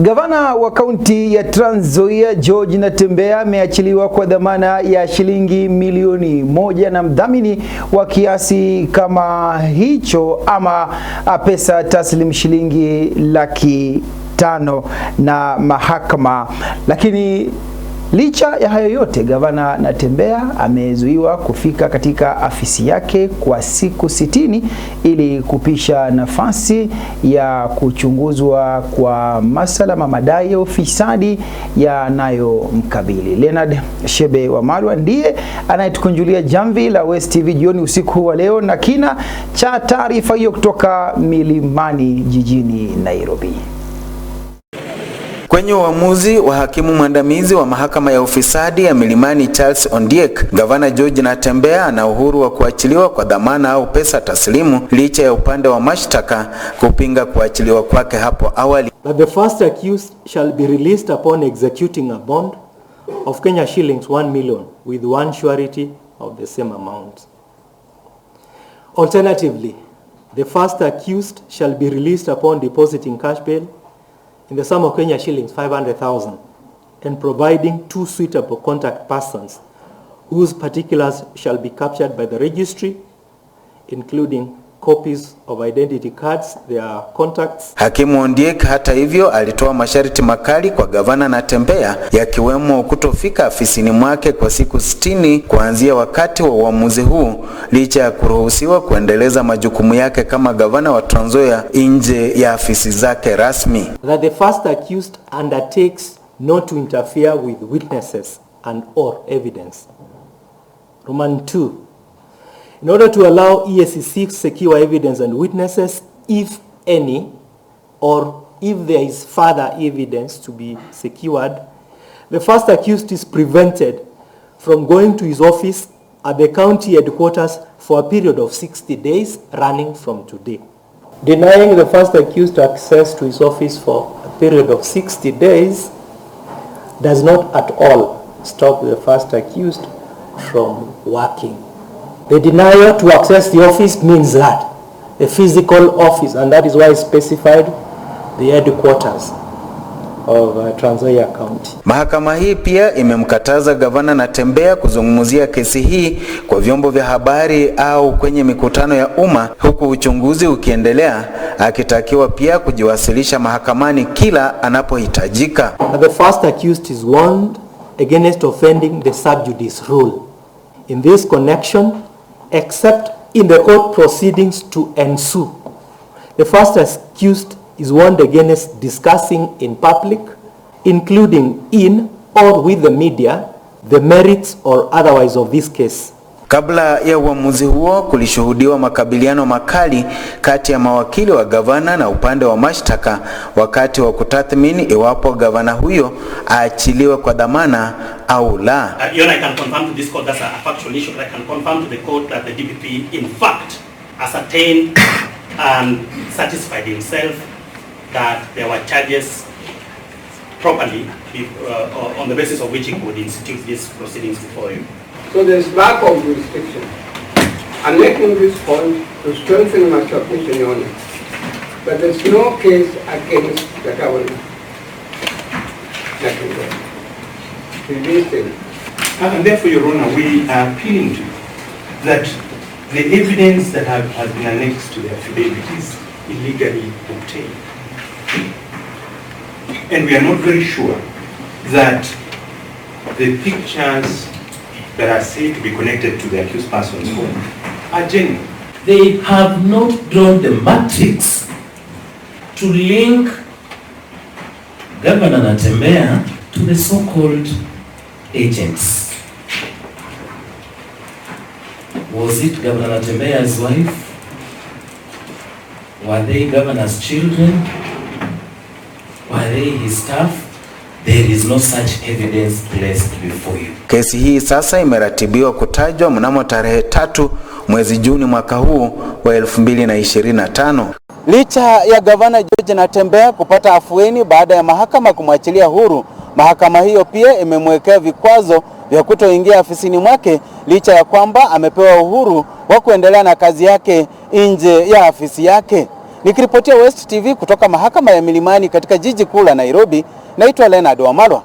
Gavana wa kaunti ya Trans Nzoia George Natembeya ameachiliwa kwa dhamana ya shilingi milioni moja na mdhamini wa kiasi kama hicho ama pesa taslim shilingi laki tano na mahakama lakini Licha ya hayo yote, Gavana Natembeya amezuiwa kufika katika afisi yake kwa siku sitini ili kupisha nafasi ya kuchunguzwa kwa masala madai ya ufisadi yanayomkabili. Leonard Shebe wa Marwa ndiye anayetukunjulia jamvi la West TV jioni usiku wa leo na kina cha taarifa hiyo kutoka Milimani jijini Nairobi. Kwenye uamuzi wa hakimu mwandamizi wa mahakama ya ufisadi ya Milimani Charles Ondiek, gavana George Natembeya ana uhuru wa kuachiliwa kwa dhamana au pesa taslimu licha ya upande wa mashtaka kupinga kuachiliwa kwake hapo awali. But the first accused shall be released upon executing a bond of Kenya shillings 1 million with one surety of the same amount. Alternatively, the first accused shall be released upon depositing cash bail in the sum of Kenya shillings 500,000 and providing two suitable contact persons whose particulars shall be captured by the registry including copies of identity cards, their contacts. Hakimu Ondiek hata hivyo alitoa masharti makali kwa gavana Natembeya yakiwemo kutofika afisini mwake kwa siku sitini kuanzia wakati wa uamuzi huu licha ya kuruhusiwa kuendeleza majukumu yake kama gavana wa Trans Nzoia nje ya afisi zake rasmi. That the first accused undertakes not to interfere with witnesses and or evidence. Roman 2 in order to allow ESCC to secure evidence and witnesses if any or if there is further evidence to be secured, the first accused is prevented from going to his office at the county headquarters for a period of 60 days running from today. Denying the first accused access to his office for a period of 60 days does not at all stop the first accused from working. The denial to access the office means that the physical office, and that is why it's specified the headquarters. Of, uh, Trans County. Mahakama hii pia imemkataza Gavana Natembeya kuzungumzia kesi hii kwa vyombo vya habari au kwenye mikutano ya umma huku uchunguzi ukiendelea, akitakiwa pia kujiwasilisha mahakamani kila anapohitajika. The first accused is warned against offending the sub judice rule. In this connection, except in the court proceedings to ensue. The first accused is warned against discussing in public, including in or with the media, the merits or otherwise of this case Kabla ya uamuzi huo, kulishuhudiwa makabiliano makali kati ya mawakili wa gavana na upande wa mashtaka wakati wa kutathmini iwapo gavana huyo aachiliwe kwa dhamana au la. Uh, uh on the basis of which he could institute these proceedings before you. So there is lack of jurisdiction. I'm making this point to strengthen my submission on it. But there's no case against the government. Nothing there. Resisting. And therefore, Your Honor, we are appealing to you that the evidence that have, has been annexed to the affidavit is illegally obtained. And we are not very sure that the pictures that are said to be connected to the accused person's home are genuine. They have not drawn the matrix to link Governor Natembeya to the so-called agents. Was it Governor Natembeya's wife? Were they Governor's children? Were they his staff? There is no such evidence placed before you. Kesi hii sasa imeratibiwa kutajwa mnamo tarehe tatu mwezi Juni mwaka huu wa 2025. Licha ya Gavana George Natembeya kupata afueni baada ya mahakama kumwachilia huru, mahakama hiyo pia imemwekea vikwazo vya kutoingia afisini mwake licha ya kwamba amepewa uhuru wa kuendelea na kazi yake nje ya afisi yake. Nikiripotia West TV kutoka mahakama ya Milimani katika jiji kuu la Nairobi. Naitwa Leonard Wamalwa.